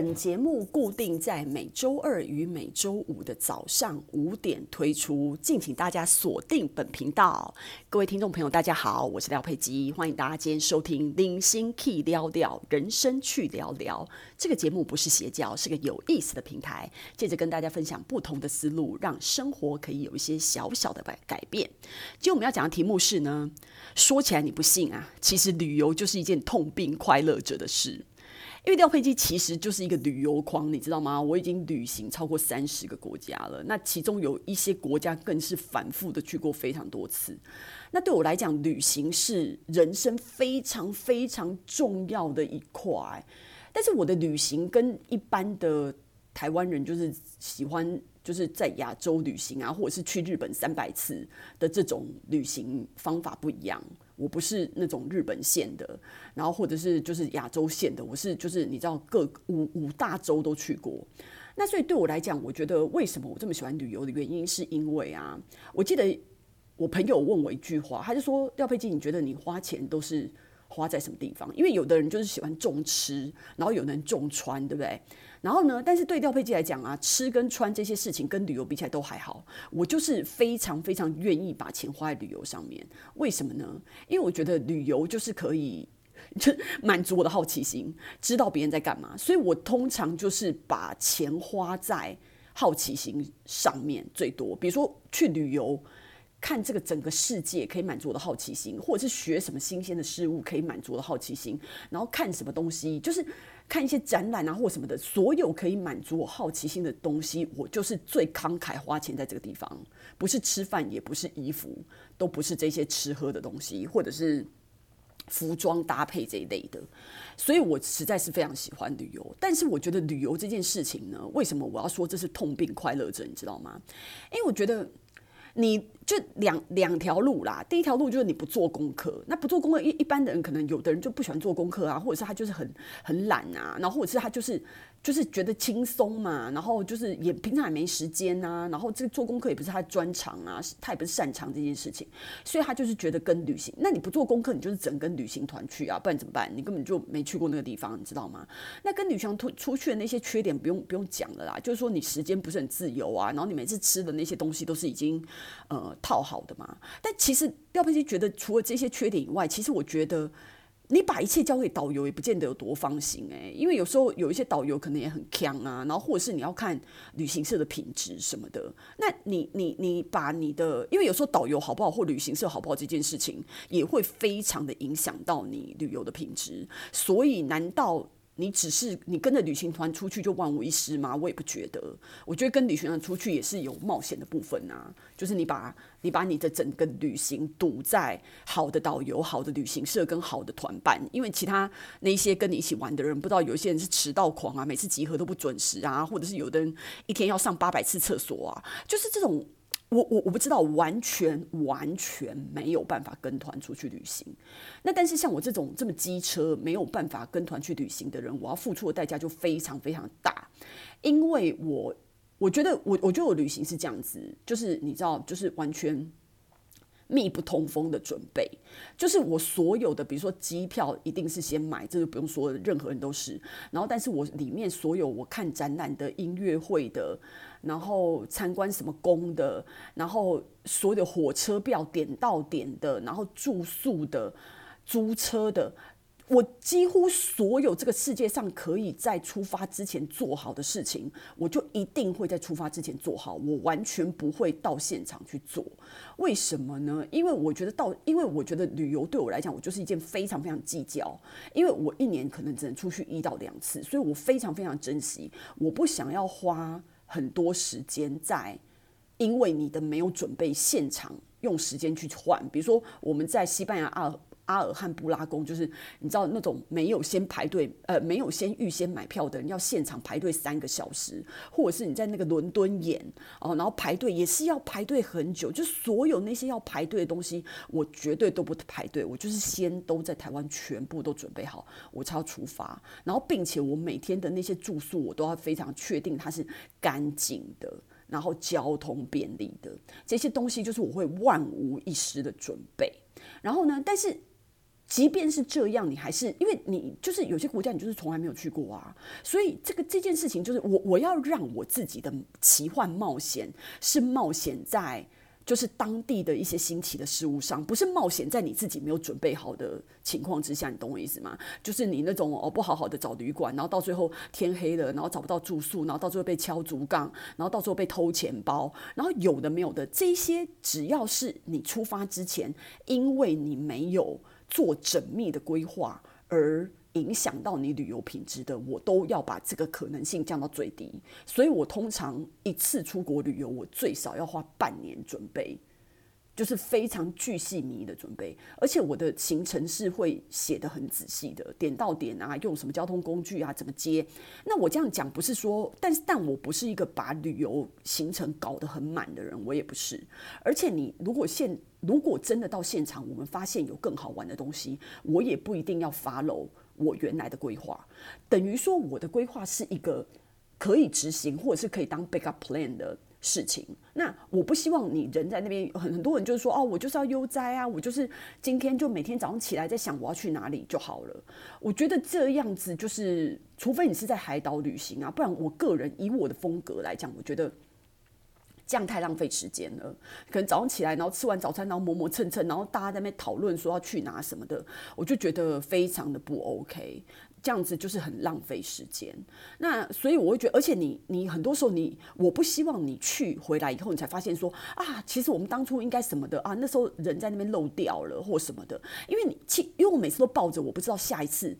本節目固定在每周二與每周五的早上五點推出，敬請大家鎖定本頻道。各位聽眾朋友，大家好，我是廖佩吉，歡迎大家今天收聽《零星 Key 聊聊人生趣聊聊》。這個節目不是邪教，是個有意思的平台，借着跟大家分享不同的思路，讓生活可以有一些小小的改改變。今天我們要講的題目是呢，說起來你不信啊，其實旅遊就是一件痛並快樂着的事。因為廖飛機，其實就是一個旅遊狂。你知道嗎？我已經旅行超過三十個國家了，那其中有一些國家更是反覆的去過非常多次。那對我來講，旅行是人生非常非常重要的一塊。但是我的旅行跟一般的台灣人就是喜歡就是在亞洲旅行啊，或者是去日本三百次的這種旅行方法不一樣。我不是那種日本線的，然後或者是就是亞洲線的，我是就是你知道各，五五大洲都去過。那所以對我來講，我覺得為什麼我這麼喜歡旅遊的原因，是因為啊，我記得我朋友問我一句話，他就說廖佩金，你覺得你花錢都是花在什麼地方？因為有的人就是喜歡重吃，然後有人重穿，對不對？然後呢，但是對調配劑來講啊，吃跟穿這些事情跟旅遊比起來都還好。我就是非常非常願意把錢花在旅遊上面。為什麼呢？因為我覺得旅遊就是可以就滿足我的好奇心，知道別人在幹嘛。所以我通常就是把錢花在好奇心上面最多。比如說去旅遊。看這個整個世界可以滿足我的好奇心，或者是學什麼新鮮的事物可以滿足我的好奇心，然後看什麼東西，就是看一些展覽啊，或什麼的，所有可以滿足我好奇心的東西，我就是最慷慨花錢在這個地方，不是吃飯，也不是衣服，都不是這些吃喝的東西，或者是服裝搭配這一類的，所以我實在是非常喜歡旅遊。但是我覺得旅遊這件事情呢，為什麼我要說這是痛並快樂着？你知道嗎？因為我覺得你。就兩兩條路啦。第一條路就是你不做功課，那不做功課一一般的人可能有的人就不喜歡做功課啊，或者是他就是很很懶啊，然後或者是他就是就是覺得輕鬆嘛，然後就是也平常也沒時間啊，然後這個做功課也不是他專長啊，他也不是擅長這件事情，所以他就是覺得跟旅行。那你不做功課，你就是只能跟旅行團去啊，不然怎麼辦？你根本就沒去過那個地方，你知道嗎？那跟旅行出出去的那些缺點不用不用講了啦，就是說你時間不是很自由啊，然後你每次吃的那些東西都是已經呃。套好的嘛，但其實廖佩琪覺得除了這些缺點以外，其實我覺得你把一切交給導遊也不見得有多放心誒，因為有時候有一些導遊可能也很強啊，然後或者是你要看旅行社的品質什麼的，那你你你把你的，因為有時候導遊好不好或旅行社好不好這件事情，也會非常的影響到你旅遊的品質，所以難道你只是你跟着旅行團出去就萬無一失嗎？我也不覺得。我覺得跟旅行團出去也是有冒險的部分啊。就是你把你把你的整個旅行賭在好的導遊、好的旅行社跟好的團辦，因為其他那些跟你一起玩的人，不知道有些人是遲到狂啊，每次集合都不準時啊，或者是有的人一天要上八百次廁所啊，就是這種。我我我不知道，完全完全沒有辦法跟團出去旅行。那但是像我這種這麼機車沒有辦法跟團去旅行的人，我要付出的代價就非常非常大。因為我我覺得我我覺得我旅行是這樣子，就是你知道，就是完全。密不通風的準備，就是我所有的，比如說機票一定是先買，這個不用說，任何人都是。然後，但是我裡面所有我看展覽的、音樂會的，然後參觀什麼宮的，然後所有的火車票、點到點的，然後住宿的、租車的。我幾乎所有這個世界上可以在出發之前做好的事情，我就一定會在出發之前做好。我完全不會到現場去做，為什麼呢？因為我覺得到，因為我覺得旅遊對我來講，我就是一件非常非常計較。因為我一年可能只能出去一到兩次，所以我非常非常珍惜。我不想要花很多時間在，因為你的沒有準備，現場用時間去換。比如說我們在西班牙二阿爾漢布拉宮就是你知道那種沒有先排隊，呃，沒有先預先買票的人要現場排隊三個小時，或者是你在那個倫敦眼哦，然後排隊也是要排隊很久。就所有那些要排隊的東西，我絕對都不排隊，我就是先都在台灣全部都準備好，我才要出發。然後，並且我每天的那些住宿，我都要非常確定它是乾淨的，然後交通便利的這些東西，就是我會萬無一失的準備。然後呢，但是。即便是這樣，你還是因為你就是有些國家你就是從來沒有去過啊，所以這個這件事情就是我我要讓我自己的奇幻冒險是冒險在就是當地的一些新奇的事物上，不是冒險在你自己沒有準備好的情況之下，你懂我意思嗎？就是你那種哦不好好的找旅館，然後到最後天黑了，然後找不到住宿，然後到最後被敲竹槓，然後到最後被偷錢包，然後有的沒有的這一些，只要是你出發之前，因為你沒有。做縝密的規劃，而影響到你旅遊品質的，我都要把這個可能性降到最低。所以我通常一次出國旅遊，我最少要花半年準備。就是非常巨細靡遺的準備，而且我的行程是會寫得很仔細的，點到點啊，用什麼交通工具啊，怎麼接。那我這樣講不是說，但是但我不是一個把旅遊行程搞得很滿的人，我也不是。而且你如果現如果真的到現場，我們發現有更好玩的東西，我也不一定要 follow 我原來的規劃。等於說，我的規劃是一個可以執行，或者是可以當 backup plan 的。事情，那我不希望你人在那邊，很很多人就是說哦，我就是要悠哉啊，我就是今天就每天早上起來再想我要去哪裡就好了。我覺得這樣子就是，除非你是在海島旅行啊，不然我個人以我的風格來講，我覺得。這樣太浪費時間了。可能早上起來，然後吃完早餐，然後磨磨蹭蹭，然後大家在那邊討論說要去哪什麼的，我就覺得非常的不 OK。這樣子就是很浪費時間。那所以我會覺得，而且你你很多時候你，我不希望你去回來以後，你才發現說啊，其實我們當初應該什麼的啊，那時候人在那邊漏掉了或什麼的。因為你去，因為我每次都抱着我不知道下一次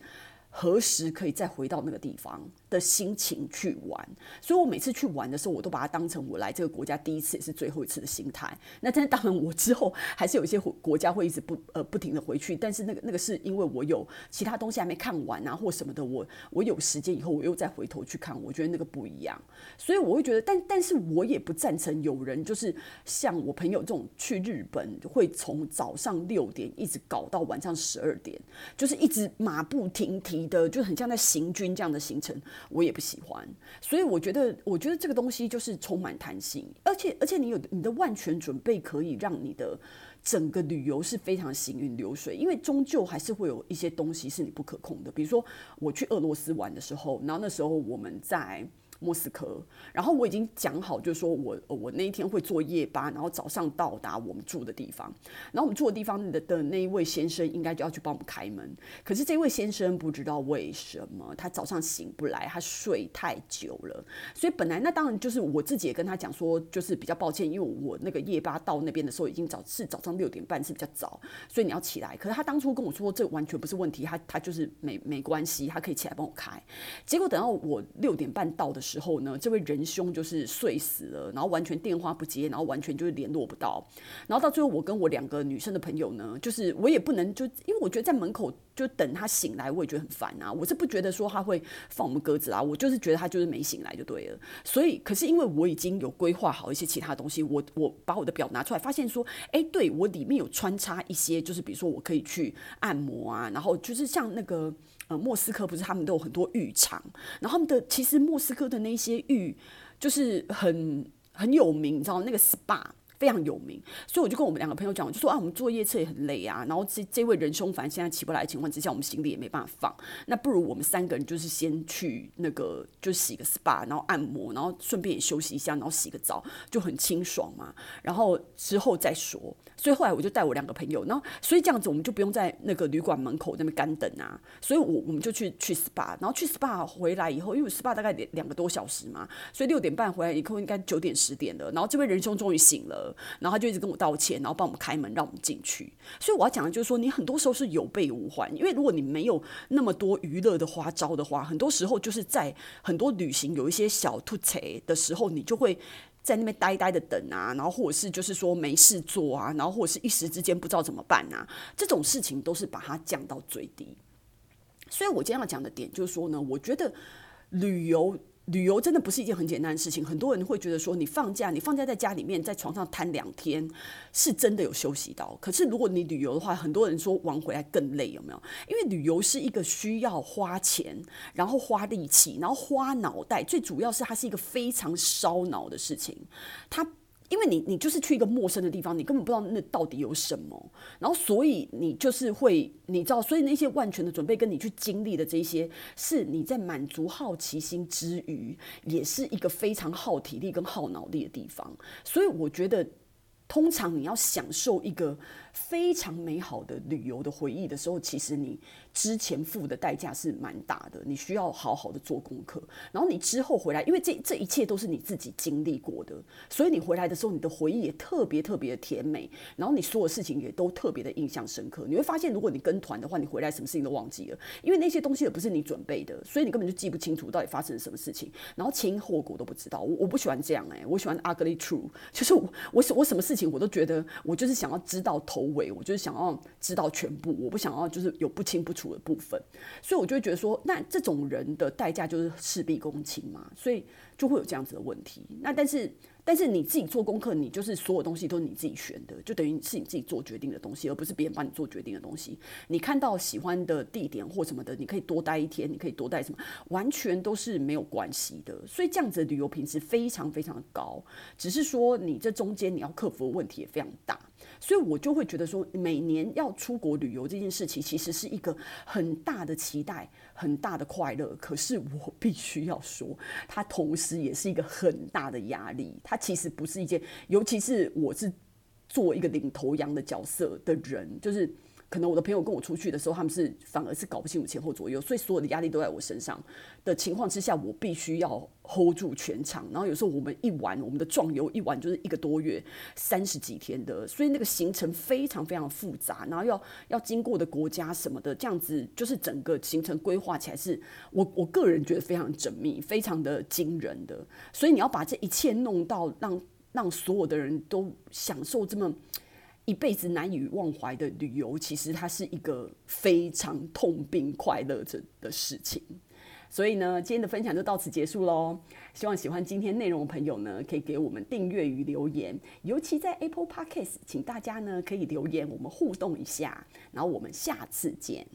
何時可以再回到那個地方。的心情去玩，所以我每次去玩的時候，我都把它當成我來這個國家第一次也是最後一次的心態。那真的，當然我之後還是有一些國家會一直不呃不停地回去，但是那個那個是因為我有其他東西還沒看完啊或什麼的，我我有時間以後我又再回頭去看，我覺得那個不一樣。所以我會覺得，但但是我也不贊成有人就是像我朋友這種去日本會從早上六點一直搞到晚上十二點，就是一直馬不停蹄的，就很像在行軍這樣的行程。我也不喜歡，所以我覺得，我覺得這個東西就是充滿彈性，而且而且你有你的萬全準備，可以讓你的整個旅遊是非常行雲流水。因為終究還是會有一些東西是你不可控的，比如說我去俄羅斯玩的時候，然後那時候我們在。莫斯科，然後我已經講好，就是說我我那一天會坐夜巴，然後早上到達我們住的地方。然後我們住的地方的的、的那一位先生應該就要去幫我們開門。可是這位先生不知道為什麼他早上醒不來，他睡太久了。所以本來那當然就是我自己也跟他講說，就是比較抱歉，因為我那個夜巴到那邊的時候已經早是早上六點半是比較早，所以你要起來。可是他當初跟我說這完全不是問題，他他就是沒沒關係，他可以起來幫我開。結果等到我六點半到的時候，時候呢，這位仁兄就是睡死了，然後完全電話不接，然後完全就是聯絡不到，然後到最後我跟我兩個女生的朋友呢，就是我也不能就，因為我覺得在門口。就等他醒來，我也覺得很煩啊！我是不覺得說他會放我們鴿子啊，我就是覺得他就是沒醒來就對了。所以，可是因為我已經有規劃好一些其他東西，我我把我的表拿出來，發現說，哎，對我裡面有穿插一些，就是比如說我可以去按摩啊，然後就是像那個呃莫斯科，不是他們都有很多浴場，然後他們的其實莫斯科的那些浴就是很很有名，你知道那個 SPA。非常有名，所以我就跟我們兩個朋友講，我就說啊，我們坐夜車也很累啊，然後這這位仁兄反正現在起不來的情況之下，我們行李也沒辦法放，那不如我們三個人就是先去那個就洗個 SPA，然後按摩，然後順便也休息一下，然後洗個澡就很清爽嘛，然後之後再說。所以後來我就帶我兩個朋友，然後所以這樣子我們就不用在那個旅館門口那邊乾等啊，所以我我們就去去 SPA，然後去 SPA 回來以後，因為 SPA 大概兩兩個多小時嘛，所以六點半回來以後應該九點十點了，然後這位仁兄終於醒了。然後他就一直跟我道歉，然後幫我們開門讓我們進去。所以我要講的就是說，你很多時候是有備無患，因為如果你沒有那麼多娛樂的花招的話，很多時候就是在很多旅行有一些小突起的時候，你就會在那邊呆呆的等啊，然後或者是就是說沒事做啊，然後或者是一時之間不知道怎麼辦啊，這種事情都是把它降到最低。所以我今天要講的點就是說呢，我覺得旅遊。旅遊真的不是一件很簡單的事情，很多人會覺得說，你放假，你放假在家裡面，在床上癱兩天，是真的有休息到。可是如果你旅遊的話，很多人說玩回來更累，有沒有？因為旅遊是一個需要花錢，然後花力氣，然後花腦袋，最主要是它是一個非常燒腦的事情，它。因為你，你就是去一個陌生的地方，你根本不知道那到底有什麼，然後所以你就是會，你知道，所以那些萬全的準備跟你去經歷的這些，是你在滿足好奇心之餘，也是一個非常耗體力跟耗腦力的地方。所以我覺得，通常你要享受一個非常美好的旅遊的回憶的時候，其實你，之前付的代價是蠻大的，你需要好好的做功課，然後你之後回來，因為這這一切都是你自己經歷過的，所以你回來的時候，你的回憶也特別特別的甜美，然後你所有事情也都特別的印象深刻。你會發現，如果你跟團的話，你回來什麼事情都忘記了，因為那些東西也不是你準備的，所以你根本就記不清楚到底發生了什麼事情，然後前因後果都不知道。我我不喜歡這樣哎，我喜歡 ugly true，就是我我我什麼事情我都覺得我就是想要知道頭尾，我就是想要知道全部，我不想要就是有不清不楚。的部分，所以我就會覺得說，那這種人的代價就是事必躬親嘛，所以就會有這樣子的問題。那但是。但是你自己做功課，你就是所有東西都是你自己選的，就等於是你自己做決定的東西，而不是別人幫你做決定的東西。你看到喜歡的地點或什麼的，你可以多待一天，你可以多待什麼，完全都是沒有關係的。所以這樣子的旅遊品質非常非常高，只是說你這中間你要克服的問題也非常大。所以我就會覺得說，每年要出國旅遊這件事情，其實是一個很大的期待，很大的快樂。可是我必須要說，它同時也是一個很大的壓力。其實不是一件，尤其是我是做一個領頭羊的角色的人，就是。可能我的朋友跟我出去的時候，他們是反而是搞不清楚前後左右，所以所有的壓力都在我身上的情況之下，我必須要 hold 住全場。然後有時候我們一玩，我們的壯遊一玩就是一個多月，三十幾天的，所以那個行程非常非常複雜，然後要要經過的國家什麼的，這樣子就是整個行程規劃起來是我，我我個人覺得非常縝密，非常的驚人的。所以你要把這一切弄到讓，讓讓所有的人都享受這麼。一輩子難以忘懷的旅遊，其實它是一個非常痛並快樂着的事情。所以呢，今天的分享就到此結束嘍。希望喜歡今天內容的朋友呢，可以給我們訂閱與留言。尤其在 Apple Podcast，請大家呢可以留言，我們互動一下。然後我們下次見。